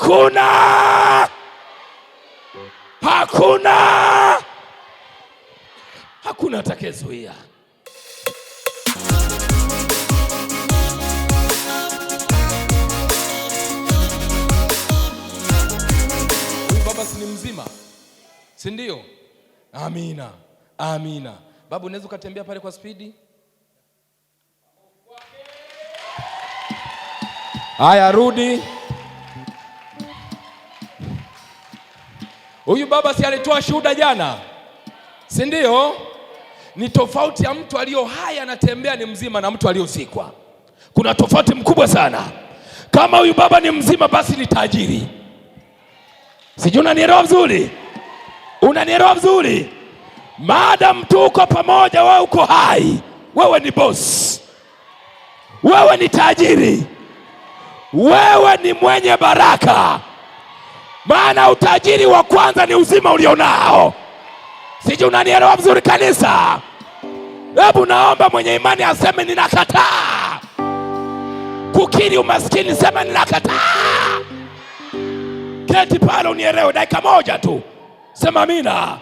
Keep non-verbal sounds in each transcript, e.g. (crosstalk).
hakuna, hakuna, hakuna atakayezuia. Huyu baba si ni mzima, sindio Amina, amina. Babu, unaweza ukatembea pale kwa spidi? Haya, rudi. Huyu baba si alitoa shuhuda jana, si ndio? Ni tofauti ya mtu aliyo hai anatembea ni mzima na mtu aliyosikwa. Kuna tofauti mkubwa sana. Kama huyu baba ni mzima, basi ni tajiri. Sijui unanielewa vizuri, unanielewa vizuri. tu uko pamoja, wewe uko hai, wewe ni boss, wewe ni tajiri, wewe ni mwenye baraka maana utajiri wa kwanza ni uzima ulionao. Sijui unanielewa vizuri kanisa. Hebu naomba mwenye imani aseme ninakataa kukiri umaskini, sema ninakataa. Keti pale unielewe dakika moja tu, sema amina.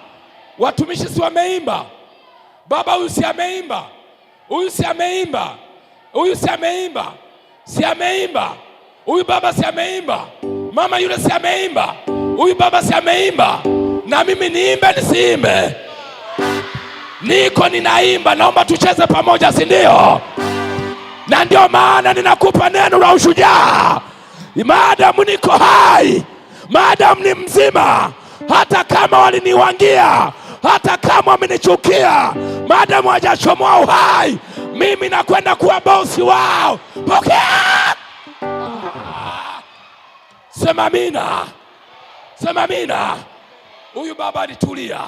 Watumishi si wameimba, baba huyu si ameimba, huyu si ameimba, huyu si ameimba, si ameimba, huyu baba si ameimba mama yule si ameimba, huyu baba si ameimba, na mimi niimbe nisiimbe? Niko ninaimba, naomba tucheze pamoja, si ndio? Na ndio maana ninakupa neno la ushujaa. Maadamu niko hai, maadamu ni mzima, hata kama waliniwangia, hata kama wamenichukia, maadamu hajachomoa uhai, mimi nakwenda kuwa bosi wao. Pokea! Sema amina, sema amina. Huyu baba alitulia,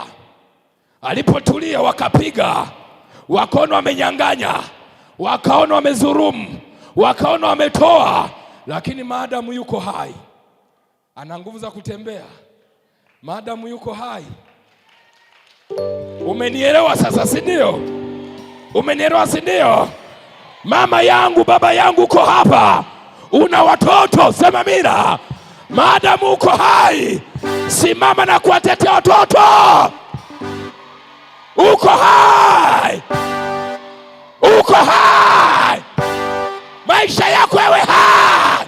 alipotulia wakapiga, wakaona wamenyang'anya, wakaona wamezurumu, wakaona wametoa, lakini maadamu yuko hai, ana nguvu za kutembea, maadamu yuko hai. Umenielewa sasa, si ndio? Umenielewa si ndio? Mama yangu, baba yangu, uko hapa, una watoto, sema amina maadamu uko hai, simama na kuwatetea watoto. Uko hai, uko hai, maisha yako yawe hai,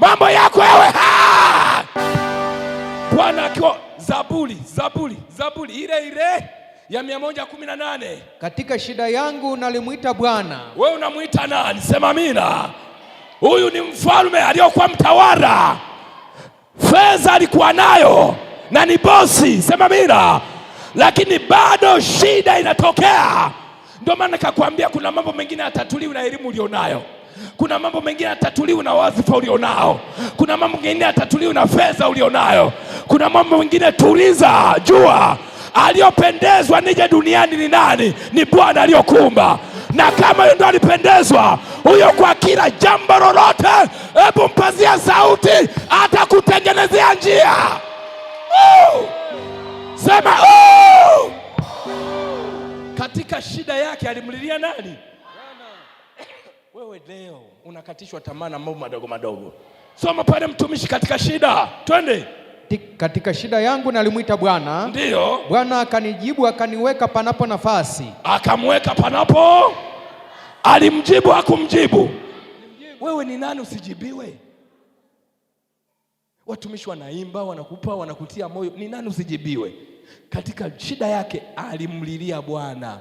mambo yako yawe hai. Bwana akiwa Zaburi, Zaburi, Zaburi ile ile ya 118 katika shida yangu nalimwita Bwana. Wewe unamwita nani? Sema mina Huyu ni mfalme aliyokuwa mtawala, fedha alikuwa nayo na ni bosi, sema mira, lakini bado shida inatokea. Ndio maana nikakwambia kuna mambo mengine yatatuliwi na elimu ulionayo kuna mambo mengine yatatuliwa na wadhifa ulionao. Kuna mambo mengine yatatuliwa na fedha ulionayo. Kuna mambo mengine tuliza, jua aliyopendezwa nije duniani ni nani? Ni Bwana aliyokumba, na kama yeye ndo alipendezwa huyo kwa kila jambo lolote. Hebu mpazia sauti, atakutengenezea njia. Sema ooh! Katika shida yake alimlilia nani? Wewe leo unakatishwa tamaa na mambo madogo madogo. Soma pale mtumishi katika shida, twende katika shida yangu nalimwita Bwana, ndio Bwana akanijibu akaniweka panapo nafasi, akamweka panapo Alimjibu hakumjibu? Wewe ni nani usijibiwe? Watumishi wanaimba, wanakupa, wanakutia moyo, ni nani usijibiwe? Katika shida yake alimlilia Bwana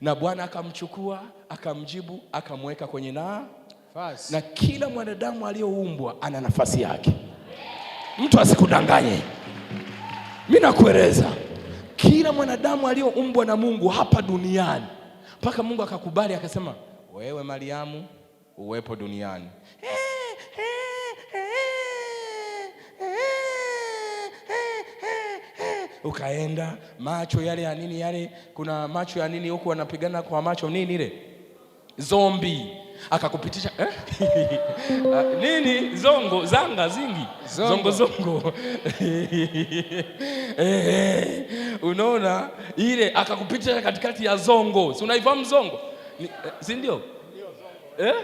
na Bwana akamchukua, akamjibu, akamweka kwenye naa Na kila mwanadamu aliyoumbwa ana nafasi yake, mtu asikudanganye. Mimi nakueleza, kila mwanadamu aliyoumbwa na Mungu hapa duniani mpaka Mungu akakubali akasema, wewe Mariamu uwepo duniani. Ukaenda macho yale ya nini yale, kuna macho ya nini huku wanapigana kwa macho nini ile zombi akakupitisha eh? (laughs) Ah, nini zongo zanga zingi zongo zongo, zongo. (laughs) Eh, eh, unaona ile akakupitisha katikati ya zongo, si unaifahamu zongo eh, si ndio eh?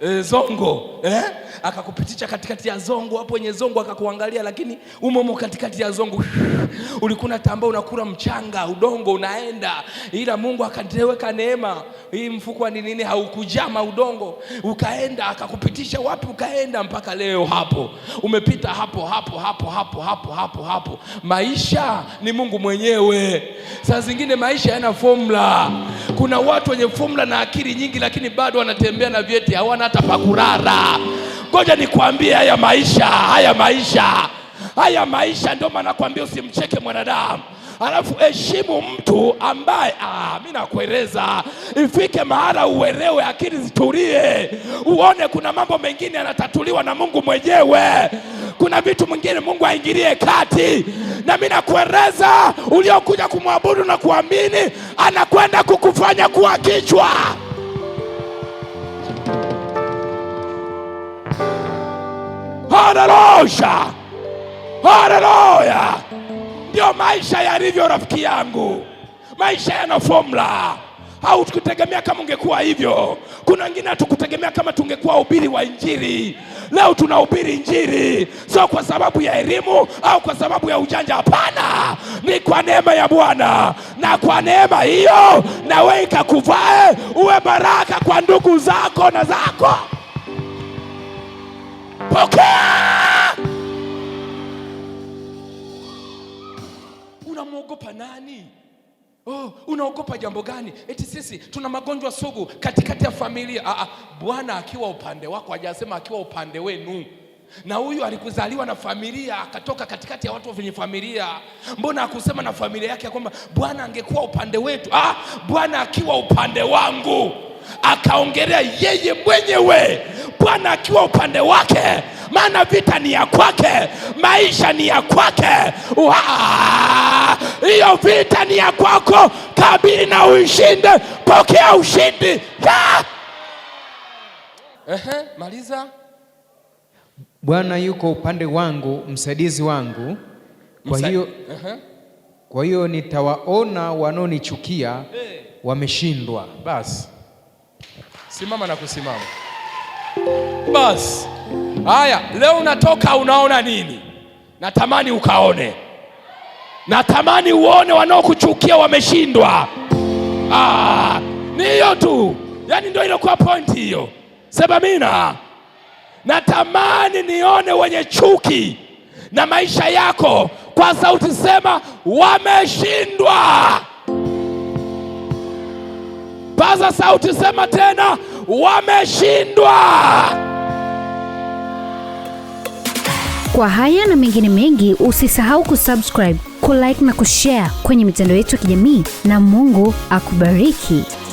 e, zongo eh? Akakupitisha katikati ya zongo, hapo wenye zongo akakuangalia, lakini umomo katikati ya zongo (laughs) ulikuwa unatambaa, unakula mchanga, udongo unaenda, ila Mungu akateweka neema hii. Mfuko ni nini? Haukujama udongo, ukaenda, akakupitisha wapi? Ukaenda mpaka leo hapo, umepita hapo hapo hapo hapo hapo hapo hapo. Maisha ni Mungu mwenyewe. Saa zingine maisha yana formula. Kuna watu wenye formula na akili nyingi, lakini bado wanatembea na vyeti hawana hata pakurara. Ngoja nikwambie, haya maisha, haya maisha, haya maisha, ndio maana nakwambia usimcheke mwanadamu Alafu heshimu mtu ambaye ah, mi nakueleza, ifike mahala uelewe, akili zitulie, uone kuna mambo mengine yanatatuliwa na Mungu mwenyewe. Kuna vitu mwingine Mungu aingilie kati, na mimi nakueleza, uliokuja kumwabudu na kuamini anakwenda kukufanya kuwa kichwa. Haleluya, haleluya! Ndio maisha yalivyo, rafiki yangu, maisha yana fomula au tukutegemea kama ungekuwa hivyo. Kuna wengine hatukutegemea kama tungekuwa ubiri wa Injili. Leo tunahubiri Injili sio kwa sababu ya elimu au kwa sababu ya ujanja, hapana, ni kwa neema ya Bwana. Na kwa neema hiyo, na wewe ikakuvae uwe baraka kwa ndugu zako na zako. Pokea. Unamwogopa nani? Oh, unaogopa jambo gani? Eti sisi tuna magonjwa sugu katikati ya familia. Ah, ah, Bwana akiwa upande wako, hajasema akiwa upande wenu na huyu alikuzaliwa na familia akatoka katikati ya watu wenye familia. Mbona akusema na familia yake ya kwamba Bwana angekuwa upande wetu? Ah, Bwana akiwa upande wangu akaongelea yeye mwenyewe, Bwana akiwa upande wake, maana vita ni ya kwake, maisha ni ya kwake. Hiyo vita ni ya kwako, kabili na uishinde, pokea ushindi. Ehe, maliza. Bwana yuko upande wangu, msaidizi wangu, kwa hiyo kwa hiyo nitawaona wanaonichukia eh. wameshindwa. Basi. Simama na kusimama. Basi haya, leo unatoka unaona nini? Natamani ukaone, natamani uone wanaokuchukia wameshindwa. Ah, ni hiyo tu, yaani ndio ilikuwa pointi hiyo. Sema mina, natamani nione wenye chuki na maisha yako. Kwa sauti sema, wameshindwa. Paza sauti, sema tena, wameshindwa. Kwa haya na mengine mengi, usisahau kusubscribe, kulike na kushare kwenye mitandao yetu ya kijamii, na Mungu akubariki.